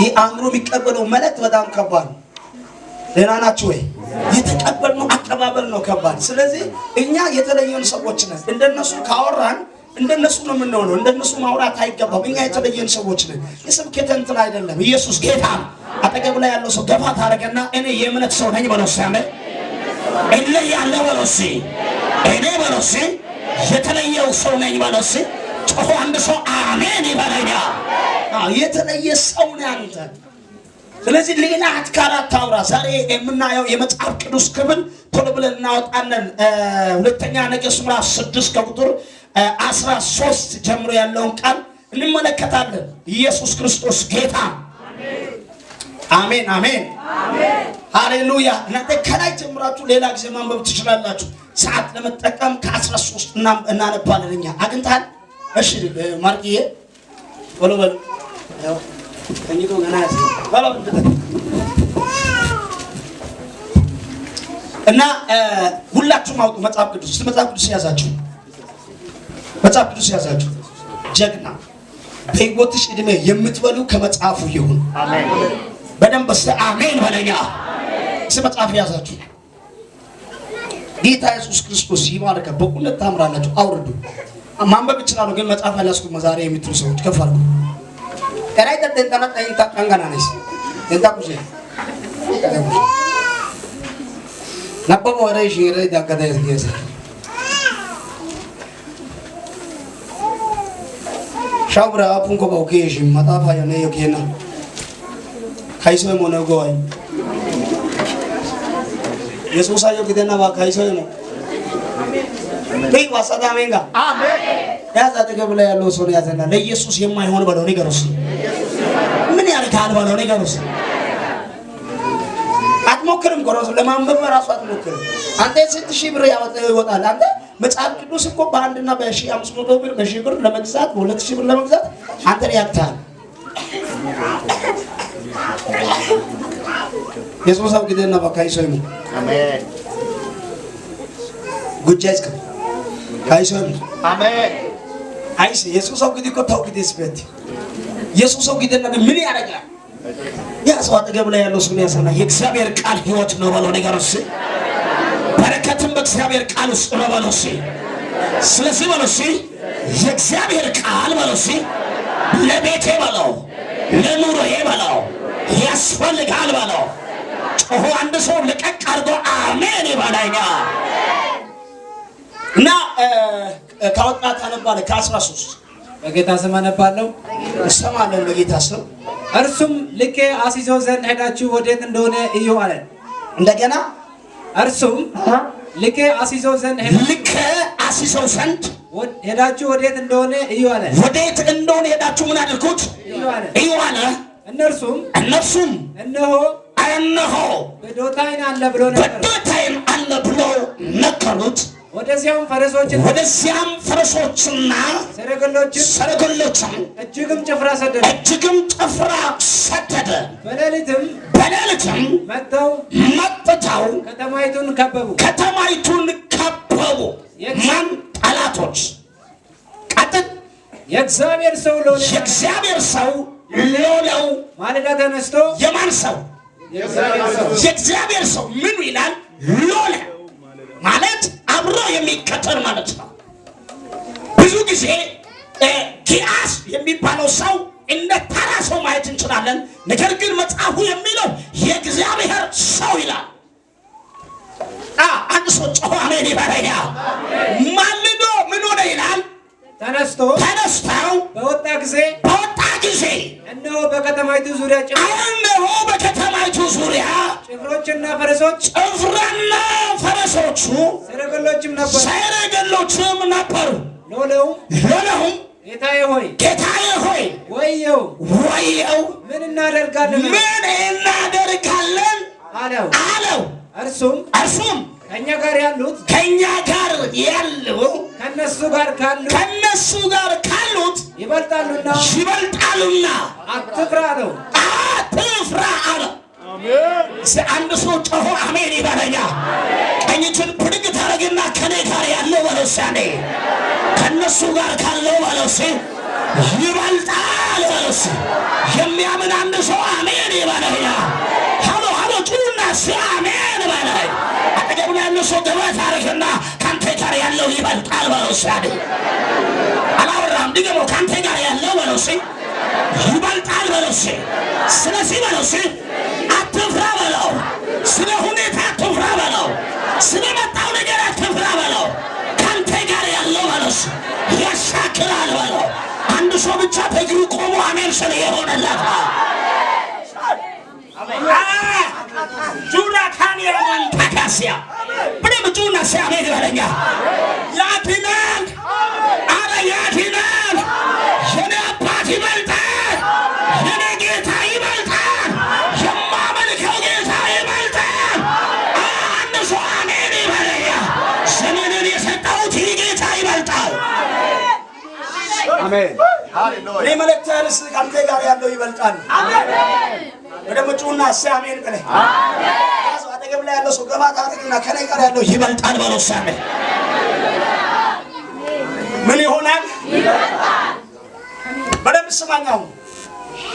ይህ አእምሮ የሚቀበለው መልእክት በጣም ከባድ ነው። ደህና ናችሁ ወይ? የተቀበልነው አቀባበል ነው ከባድ። ስለዚህ እኛ የተለየን ሰዎች ነን። እንደነሱ ካወራን እንደነሱ ነው የምንሆነው። እንደነሱ ማውራት አይገባም። እኛ የተለየን ሰዎች ነን። የስብከት እንትን አይደለም። ኢየሱስ ጌታ። አጠገብ ላይ ያለው ሰው ገፋ ታደርገና እኔ የእምነት ሰው ነኝ በለው። ያለ እለ ያለ በለው። እኔ በለው የተለየው ሰው ነኝ በለው። ጮሆ አንድ ሰው አሜን ይበለኛ የተለየ ሰው ነው ያንተ። ስለዚህ ሌላ አትካራት አውራ። ዛሬ የምናየው የመጽሐፍ ቅዱስ ክፍል ቶሎ ብለን እናወጣለን። ሁለተኛ ነገሥት ምዕራፍ ስድስት ከቁጥር አስራ ሶስት ጀምሮ ያለውን ቃል እንመለከታለን። ኢየሱስ ክርስቶስ ጌታ። አሜን አሜን፣ ሃሌሉያ። እናንተ ከላይ ጀምራችሁ ሌላ ጊዜ ማንበብ ትችላላችሁ። ሰዓት ለመጠቀም ከአስራ ሶስት እናነባለን እኛ አግኝታል። እሺ ማርቅዬ ቶሎ በል ተኝቶ ገና እና ሁላችሁም አውጡ። መጽሐፍ ቅዱስ መጽሐፍ ቅዱስ ያዛችሁ፣ መጽሐፍ ቅዱስ ያዛችሁ። ጀግና በሕይወትሽ እድሜ የምትበሉ ከመጽሐፉ ይሁን። በደንብ እስቲ አሜን በለኛ። መጽሐፍ ያዛችሁ። ጌታ ኢየሱስ ክርስቶስ ይባርከ። ታምራላችሁ። አውርዱ። ማንበብ ይችላሉ፣ ግን መጽሐፍ ያላስኩም ዛሬ የምትሉ ሰዎች ከፍ አድርጉ። Era ita tenta na tayo tap ng gananis. Tenta po siya. Tenta po siya. Napamora yung shira ita kada yung kiyasa. Shabra apun ko ba ukiyashim matapa yun ay ukiyana. Kaiso mo na goy. Yesus ayo kita na ba kaiso yun. Kay wasada menga. Amen. Ya sa te ke bula ya lo so ya sana. Le Yesus yemma hon ba doni garosi. እንዳልሆነው ነገር ውስጥ አትሞክርም። ቆሮስ ለማንበብ ራሱ አትሞክርም። አንተ ስንት ሺህ ብር ይወጣል። አንተ መጽሐፍ ቅዱስ እኮ በአንድና በሺ አምስት መቶ ብር በሺ ብር ለመግዛት በሁለት ሺህ ብር ለመግዛት አንተን ያቅታል። የሶስት ሰው ጊዜ እና በካይሶ ይሙ አሜን ጉጃይስ ካይሶ ይሙ አሜን አይስ የሶስት ሰው ጊዜ ታው ጊዜ ስበት የሶስት ሰው ጊዜ ምን ያረጋል ያ ሰው አጠገብ ላይ ያለው ሰው ያሰና የእግዚአብሔር ቃል ሕይወት ነው ባለው ነገር እሺ፣ በረከትም በእግዚአብሔር ቃል ውስጥ ነው ባለው እሺ። ስለዚህ ባለው እሺ፣ የእግዚአብሔር ቃል ባለው እሺ፣ ለቤቴ ባለው ለኑሮዬ ባለው ያስፈልጋል ባለው ጮሆ አንድ ሰው ልቀቅ አድርጎ አሜን ይባላኛ እና ካወጣት አነባለ ከአስራ ሦስት በጌታ ስም አነባለሁ እሰማለሁ። በጌታ ስም እርሱም ልኬ አስይዘው ዘንድ ሄዳችሁ ወዴት እንደሆነ እዩ አለን። እንደገና እርሱም ልኬ አስይዘው ዘንድ ልኬ አስይዘው ዘንድ ሄዳችሁ ወዴት እንደሆነ እዩ አለ። ወዴት እንደሆነ ሄዳችሁ ምን አድርጉት እዩ አለ። እነርሱም እነርሱም እነሆ እነሆ በዶታይን አለ ብሎ ነበር በዶታይን አለ ብሎ ነገሩት። ወደዚያም ፈረሶችን ወደዚያም ፈረሶችና ሰረገሎችን ሰረገሎችን እጅግም ጭፍራ ሰደደ እጅግም ጭፍራ ሰደደ። በሌሊትም በሌሊትም መጥተው መጥተው ከተማይቱን ከበቡ ከተማይቱን ከበቡ። ማን ጠላቶች? ቀጥል የእግዚአብሔር ሰው ለሆነ የእግዚአብሔር ሰው ሎሌው ማለዳ ተነስቶ የማን ሰው? የእግዚአብሔር ሰው። ምን ይላል? ሎሌ ማለት አብሮ የሚከተል ማለት ነው። ብዙ ጊዜ ኪያስ የሚባለው ሰው እንደ ተራ ሰው ማየት እንችላለን። ነገር ግን መጽሐፉ የሚለው የእግዚአብሔር ሰው ይላል። አንድ ሰው ጮሆ አሜን ይበረያ ማልዶ ምን ሆነ ይላል። ተነስቶ ተነስተው በወጣ ጊዜ በወጣ ጊዜ እነሆ በከተማይቱ ዙሪያ እነሆ በከተማይቱ ዙሪያ ጭፍሮችና ፈረሶች ጭፍራና ፈረሶቹ ሰረገሎችም ነበሩ ሰረገሎችም ነበሩ። ሎሌውም ሎሌውም ጌታዬ ሆይ ጌታዬ ሆይ ወየው ወየው ምን እናደርጋለን ምን እናደርጋለን አለው አለው እርሱም እርሱም ከኛ ጋር ያሉት ከኛ ጋር ያሉ ከነሱ ጋር ካሉ ከነሱ ጋር ካሉት ይበልጣሉና ይበልጣሉና አትፍራ አለው አትፍራ አለው አንድ ሰው ጮሆ አሜን ይበለኛ። ቀኝችን ብድግ ታረግና ከኔ ጋር ያለው በለሳኔ ከነሱ ጋር ካለው በለሴ ይበልጣል በለሴ የሚያምን አንድ ሰው አሜን ይበለኛ። ሀሎ ሀሎ ጩና ሲ አሜን በለ አጠገቡ ያለ ሰው ገባ ታረግና ከአንተ ጋር ያለው ይበልጣል በለሳኔ አላወራም። ድገሞ ከአንተ ጋር ያለው በለሴ ይበልጣል በለሴ ስለዚህ በለሴ አትፍራ በለው። ስለ ሁኔታ አትፍራ በለው። ስለ መጣው ነገር አትፍራ በለው። ከአንተ ጋር ያለው በለሱ ያሻክራል በለው። አንድ ሰው ብቻ በእግሩ ቆሞ አሜን ስለ የሆነላት ጁና ካኔራማን ታካሲያ ብደም ጁና ሲያሜን ይበለኛ ያትናል አረ ያትናል አሜን። እኔ መልእክት ያንስ ከአንተ ጋር ያለው ይበልጣል። አሜን። ወደ ምጩና አሜን አጠገብ ላይ ያለው ሰው ገባ ታደርግና ከኔ ጋር ያለው ይበልጣል ምን ይሆናል? ይበልጣል። በደንብ ስማኛው።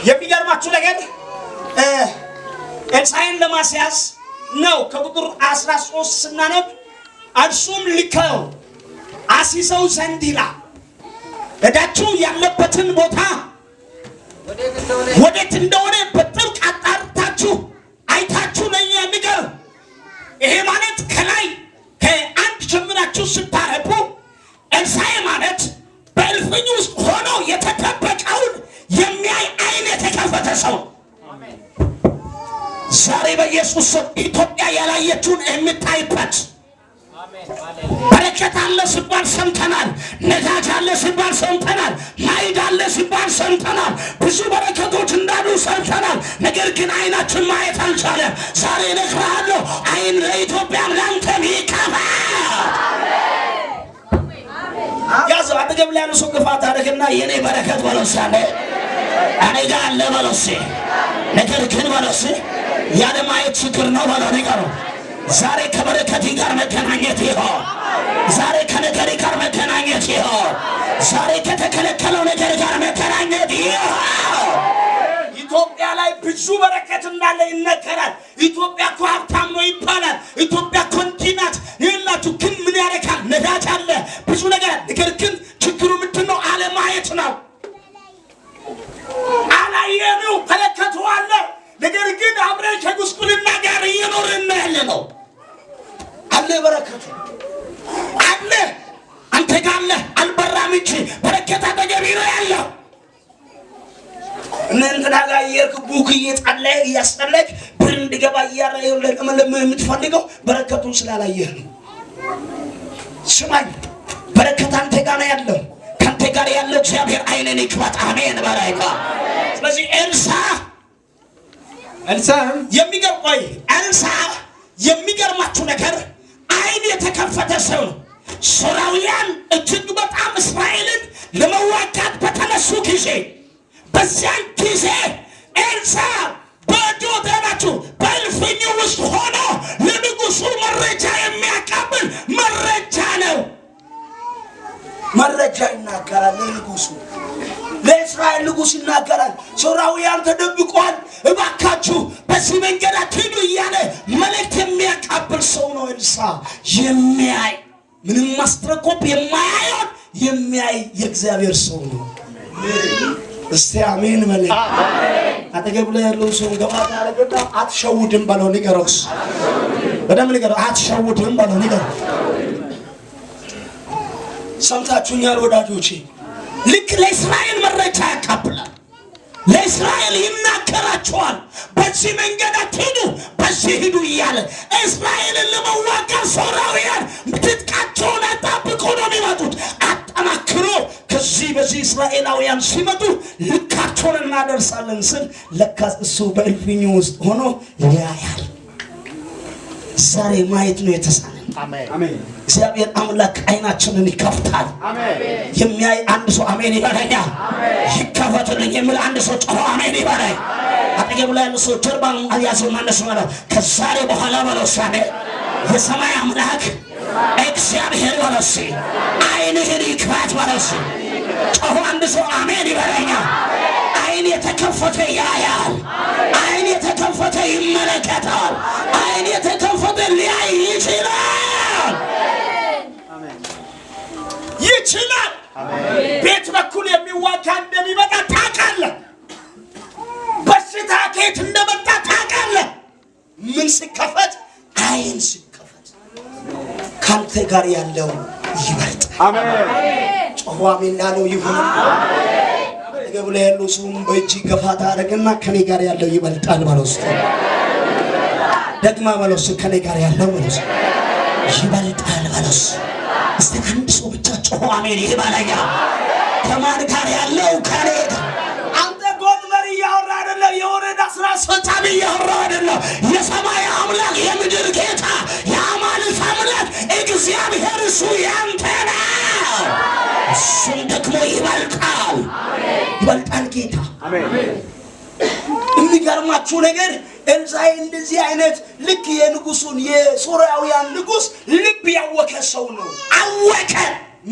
የሚገርማችሁ ነገር ለማስያዝ ነው። ከቁጥር 13 ስናነብ እርሱም ልከው አሲሰው ዘንድ ይላል እዳችሁ ያለበትን ቦታ ወዴት እንደሆነ በጥብቅ አጣርታችሁ አይታችሁ ለኛ ንገር። ይሄ ማለት ከላይ ከአንድ ጀምራችሁ ስታረቡ ኤልሳዕ ማለት በእልፍኝ ውስጥ ሆኖ የተጠበቀውን የሚያይ አይን የተከፈተ ሰው ዛሬ በኢየሱስ ስም ኢትዮጵያ ያላየችውን የምታይበት በረከት አለ ሲባል ሰምተናል። ነዳጅ አለ ሲባል ሰምተናል። ማዕድ አለ ሲባል ሰምተናል። ብዙ በረከቶች እንዳሉ ሰምተናል። ነገር ግን አይናችን ማየት አልቻለም። ዛሬ እነግርሃለሁ አይን ለኢትዮጵያም ለአንተም ይከፋል። ያዝ አጠገብ ላይ ያለው ግፋት አድርግና የኔ በረከት በለሳ እኔ ጋር አለ በለሴ ነገር ግን በለሴ ያለ ማየት ችግር ነው በለው ነው ዛሬ ከበረከቴ ጋር መገናኘት ይሆን። ዛሬ ከነገሬ ጋር መገናኘት ይሆን። ዛሬ ከተከለከለው ነገር ጋር መገናኘት ይሆን። ኢትዮጵያ ላይ ብዙ በረከት እንዳለ ይነገራል። ኢትዮጵያ እኮ ሀብታም ነው ከእንትና ጋር እየሄድክ ቡክ እየጣላህ እያስጠላህ ብር እንዲገባ የምትፈልገው በረከቱን ስላላየህ ነው። ስማኝ፣ በረከት አንተ ጋር ነው ያለው። ከአንተ ጋር ያለው እግዚአብሔር አይንን ይክፈት። አሜን በላይቃ ስለዚህ ኤልሳ ኤልሳ የሚገርም ቆይ ኤልሳ የሚገርማችሁ ነገር አይን የተከፈተ ሰው ነው። ሶርያውያን እጅግ በጣም እስራኤልን ለመዋጋት በተነሱ ጊዜ በዚያን ጊዜ ኤልሳ በእጁ ናችሁ በእልፍኙ ውስጥ ሆኖ ለንጉሱ መረጃ የሚያቀብል መረጃ ነው። መረጃ ይናገራል ለንጉሱ ለእስራኤል ንጉሥ ይናገራል። ሶርያውያን ተደብቋል፣ እባካችሁ በዚህ መንገድ አትሂዱ እያለ መልእክት የሚያቀብል ሰው ነው ኤልሳ። የሚያይ ምንም ማስተረኮብ የማያየውን የሚያይ የእግዚአብሔር ሰው ነው። እስቲ አሜን በለ። አጠገብ ላይ ያለው ሰው ገባ ታረገና አትሸውድም በለው። ንገረውስ በደምብ ንገረው። አትሸውድም በለው። ንገረው። ሰምታችሁኛል ወዳጆቼ? ልክ ለእስራኤል መረጃ ያካፍላል። ለእስራኤል ይናገራቸዋል። በዚህ መንገድ አትሂዱ፣ በዚህ ሂዱ እያለ እስራኤልን ለመዋጋት ሶራውያን ትጥቃቸውን አጣብቆ ነው የሚመጡት። አጠናክሮ ከዚህ በዚህ እስራኤላውያን ሲመጡ ልካቸውን እናደርሳለን ስል ለካ እሱ በእልፍኙ ውስጥ ሆኖ ያያል። ዛሬ ማየት ነው የተሳለን። እግዚአብሔር አምላክ አይናችንን ይከፍታል። የሚያይ አንድ ሰው አሜን ይበለኛል። ይከፈትልኝ የሚል አንድ ሰው ጮሆ አሜን ይበለኝ። አጠገብ ላይ ያሉ ሰው ጀርባን አያሰው ማነሱ ማለት ከዛሬ በኋላ በለሳኔ የሰማይ አምላክ እግዚአብሔር በለሴ አይንህን ይክፋት በለሴ ጮሆ አንድ ሰው አሜን ይበለኛል። አይን የተከፈተ ያያል። አይን የተከፈተ ይመለከታል። አይን የተከፈተ ሊያይ ይችላል ይችላል። ቤት በኩል የሚዋጋ እንደሚመጣ ታውቃለህ። በሽታ ከየት እንደመጣ ታውቃለህ። ምን ሲከፈት? አይን ሲከፈት ከአንተ ጋር ያለው ይበልጥ። አሜን ጮሁ አሜን ላለው ይሁን። አጠገቡ ላይ ያለው ሰውም በእጅ ገፋታ አደረገና ከኔ ጋር ያለው ይበልጣል በለው። እስኪ ደግማ በለው። እስኪ ከኔ ጋር ያለው በለው። እስኪ ይበልጣል በለው። እስኪ አንድ ሰው ብቻ ጮሁ አሜን ይባላል። ከማን ጋር ያለው? ከኔ ጋር እያወራ አይደለም። የወረዳ ስራ አስፈጻሚ እያወራ አይደለም። የሰማይ አምላክ የምድር ጌታ የአማልስ አምላክ እግዚአብሔር እሱ ያንተ ነው። እሱም ደግሞ ይበልጣል፣ ይበልጣል ጌታ። የሚገርማችሁ ነገር ኤልሳዕ እንደዚህ አይነት ልክ የንጉሱን የሶርያውያን ንጉስ ልብ ያወከ ሰው ነው። አወከ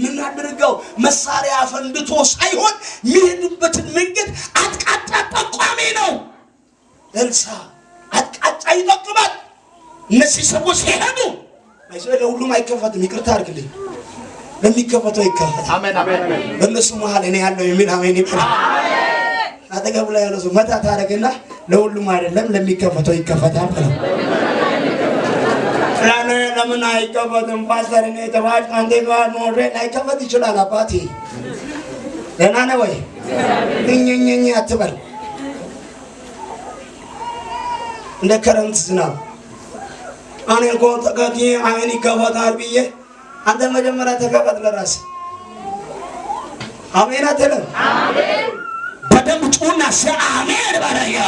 የምናደርገው መሳሪያ አፈንድቶ ሳይሆን የሚሄዱበትን መንገድ አቅጣጫ ጠቋሚ ነው። እልሳ አቅጣጫ ይጠቅማል። እነዚህ ሰዎች ሲሄዱ ለሁሉም አይከፈትም። ይቅርታ አርግልኝ። ለሚከፈተው ይከፈታል። አሜን በእነሱ መሀል እኔ ያለው የሚል አሜን ይበል። አጠገብ ላይ ያለው ሰው መታ ታደርግና ለሁሉም አይደለም ለሚከፈተው ይከፈታል ብለው ለምን አይከፈትም? ፓስተር እኔ ተባሽ አንዴ ጋር ኖሬ ላይከፈት ይችላል። አባቴ ደህና ነህ ወይ? እኝኝኝ አትበል። እንደ ከረምት ዝናብ እኔ እኮ ተቀጥዬ አይን ይከፈታል ብዬ አንተ መጀመሪያ ተከፈት ለራስ አሜን አትልም? በደንብ ጩና ሲያ አሜን ባለያ